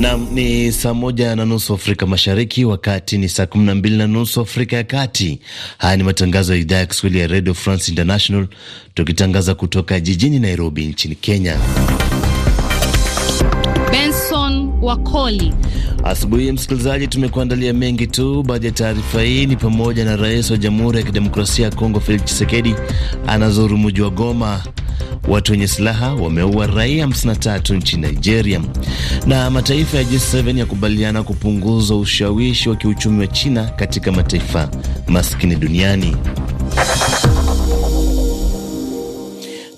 Nam ni saa moja na nusu Afrika Mashariki, wakati ni saa kumi na mbili na nusu Afrika ya Kati. Haya ni matangazo ya idhaa ya Kiswahili ya Radio France International, tukitangaza kutoka jijini Nairobi nchini Kenya. Benson Wakoli. Asubuhi ya msikilizaji, tumekuandalia mengi tu. Baadhi ya taarifa hii ni pamoja na rais wa Jamhuri ya Kidemokrasia ya Kongo Felix Tshisekedi anazuru mji wa Goma Watu wenye silaha wameua raia 53 nchini Nigeria. Na mataifa ya G7 yakubaliana kupunguza ushawishi wa kiuchumi wa China katika mataifa maskini duniani.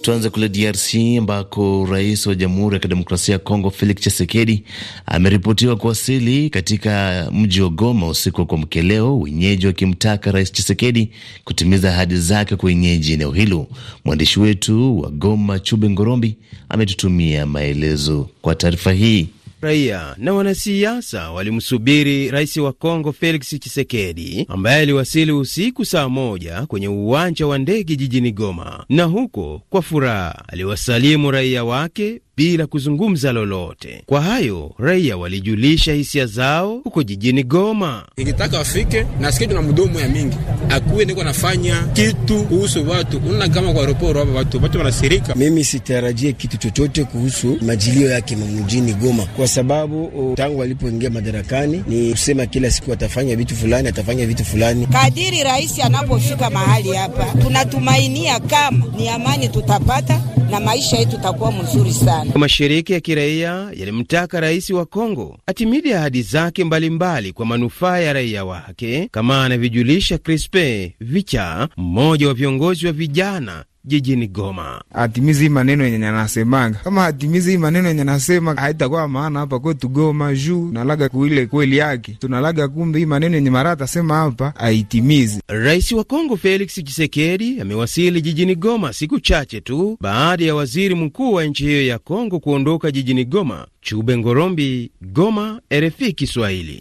Tuanze kule DRC ambako rais wa Jamhuri ya Kidemokrasia ya Kongo Felix Tshisekedi ameripotiwa kuwasili katika mji wa Goma usiku wa kuamkia leo, wenyeji wakimtaka Rais Tshisekedi kutimiza ahadi zake kwa wenyeji eneo hilo. Mwandishi wetu wa Goma Chube Ngorombi ametutumia maelezo kwa taarifa hii. Raia na wanasiasa walimsubiri rais wa Kongo Felix chisekedi ambaye aliwasili usiku saa moja kwenye uwanja wa ndege jijini Goma, na huko kwa furaha aliwasalimu raia wake bila kuzungumza lolote. Kwa hayo raia walijulisha hisia zao huko jijini Goma. Nikitaka wafike nasikia tuna mdomo ya mingi akuwe niko nafanya kitu kuhusu watu una kama kwa aeroporo hapa watu watu wanasirika. Mimi sitarajie kitu chochote kuhusu majilio yake mjini Goma kwa sababu o, uh, tangu alipoingia madarakani ni kusema kila siku atafanya vitu fulani, atafanya vitu fulani. Kadiri rais anapofika mahali hapa, tunatumainia kama ni amani tutapata na maisha yetu takuwa mzuri sana sana. Mashirika ya kiraia yalimtaka rais wa Kongo atimidi ahadi zake mbalimbali kwa manufaa ya raia wake, kama anavyojulisha Crispe Vicha, mmoja wa viongozi wa vijana jijini Goma. Atimizi hii maneno yenye anasemanga, kama atimizi hii maneno yenye anasema haitakuwa maana hapa kwetu Goma juu nalaga kuile kweli yake tunalaga, kumbe hii maneno yenye mara atasema hapa haitimizi. Rais wa Kongo Felix Tshisekedi amewasili jijini Goma siku chache tu baada ya waziri mkuu wa nchi hiyo ya Kongo kuondoka jijini Goma. Chube Ngorombi, Goma, RFI Kiswahili.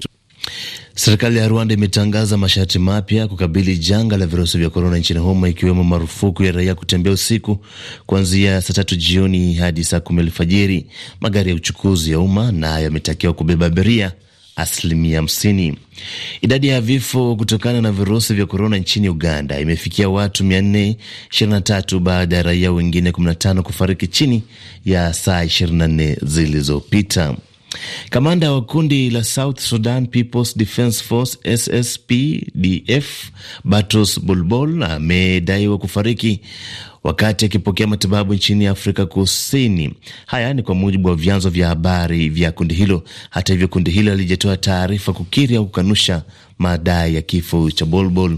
Serikali ya Rwanda imetangaza masharti mapya kukabili janga la virusi vya korona nchini humo, ikiwemo marufuku ya raia kutembea usiku kuanzia saa tatu jioni hadi saa kumi alfajiri. Magari ya uchukuzi ya umma nayo yametakiwa kubeba abiria asilimia hamsini. Idadi ya vifo kutokana na virusi vya korona nchini Uganda imefikia watu 423 baada ya raia wengine 15 kufariki chini ya saa 24 zilizopita. Kamanda wa kundi la South Sudan People's Defence Force SSPDF Batros Bulbol amedaiwa kufariki wakati akipokea matibabu nchini Afrika Kusini. Haya ni kwa mujibu wa vyanzo vya habari vya kundi hilo. Hata hivyo, kundi hilo halijatoa taarifa kukiri au kukanusha madai ya kifo cha Bolbol.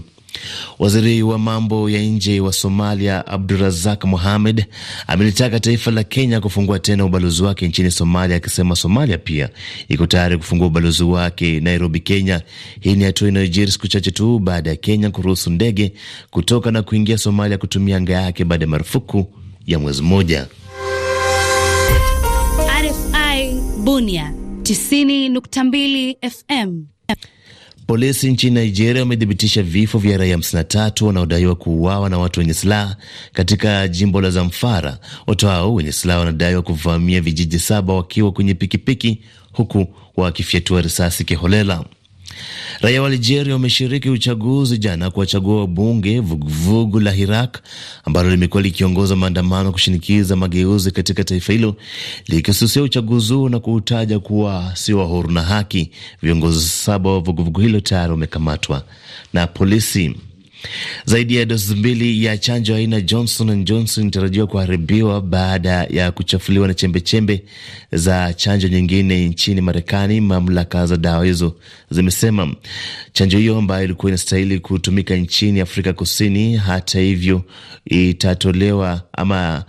Waziri wa mambo ya nje wa Somalia Abdurazak Mohamed amelitaka taifa la Kenya kufungua tena ubalozi wake nchini Somalia, akisema Somalia pia iko tayari kufungua ubalozi wake Nairobi, Kenya. Hii ni hatua inayojiri siku chache tu baada ya Kenya kuruhusu ndege kutoka na kuingia Somalia kutumia anga yake baada ya marufuku ya mwezi mmoja. RFI Bunia 90.2 FM. Polisi nchini Nigeria wamethibitisha vifo vya raia 53 wanaodaiwa kuuawa na watu wenye silaha katika jimbo la Zamfara. Watu hao wenye silaha wanadaiwa kuvamia vijiji saba wakiwa kwenye pikipiki, huku wakifyatua risasi kiholela. Raia wa Algeria wameshiriki uchaguzi jana kuwachagua wabunge vuguvugu la Hirak ambalo limekuwa likiongoza maandamano kushinikiza mageuzi katika taifa hilo, likisusia uchaguzi huo na kuutaja kuwa si wa huru na haki. Viongozi saba wa vuguvugu hilo tayari wamekamatwa na polisi. Zaidi ya dozi mbili ya chanjo aina Johnson and Johnson inatarajiwa kuharibiwa baada ya kuchafuliwa na chembechembe -chembe za chanjo nyingine nchini Marekani, mamlaka za dawa hizo zimesema. Chanjo hiyo ambayo ilikuwa inastahili kutumika nchini Afrika Kusini, hata hivyo, itatolewa ama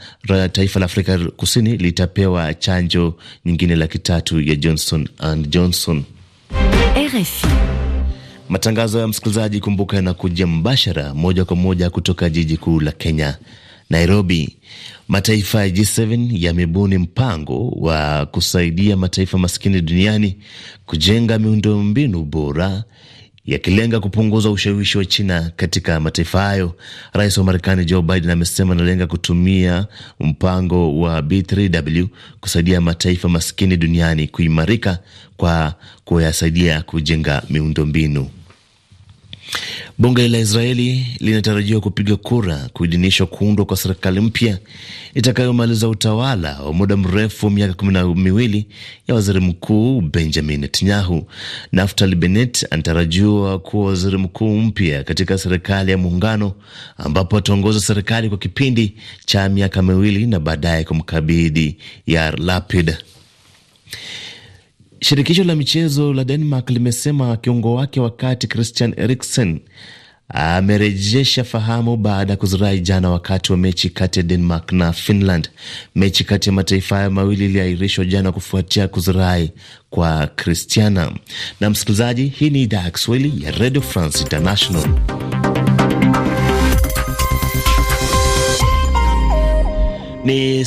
taifa la Afrika Kusini litapewa chanjo nyingine laki tatu ya Johnson and Johnson. RFI. Matangazo ya msikilizaji, kumbuka, yanakuja mbashara moja kwa moja kutoka jiji kuu la Kenya, Nairobi. Mataifa ya G7 yamebuni mpango wa kusaidia mataifa maskini duniani kujenga miundombinu bora yakilenga kupunguza ushawishi wa China katika mataifa hayo. Rais wa Marekani Joe Biden amesema analenga kutumia mpango wa B3W kusaidia mataifa maskini duniani kuimarika kwa kuyasaidia kujenga miundombinu. Bunge la Israeli linatarajiwa kupiga kura kuidinishwa kuundwa kwa serikali mpya itakayomaliza utawala wa muda mrefu miaka kumi na miwili ya waziri mkuu Benjamin Netanyahu. Naftali Bennett anatarajiwa kuwa waziri mkuu mpya katika serikali ya muungano, ambapo ataongoza serikali kwa kipindi cha miaka miwili na baadaye kumkabidhi Yair Lapid. Shirikisho la michezo la Denmark limesema kiungo wake wakati Christian Eriksen amerejesha fahamu baada ya kuzirai jana wakati wa mechi kati ya Denmark na Finland. Mechi kati ya mataifa hayo mawili iliahirishwa jana kufuatia kuzirai kwa Kristiana. Na msikilizaji, hii ni idhaa ya Kiswahili ya Radio France International. Ni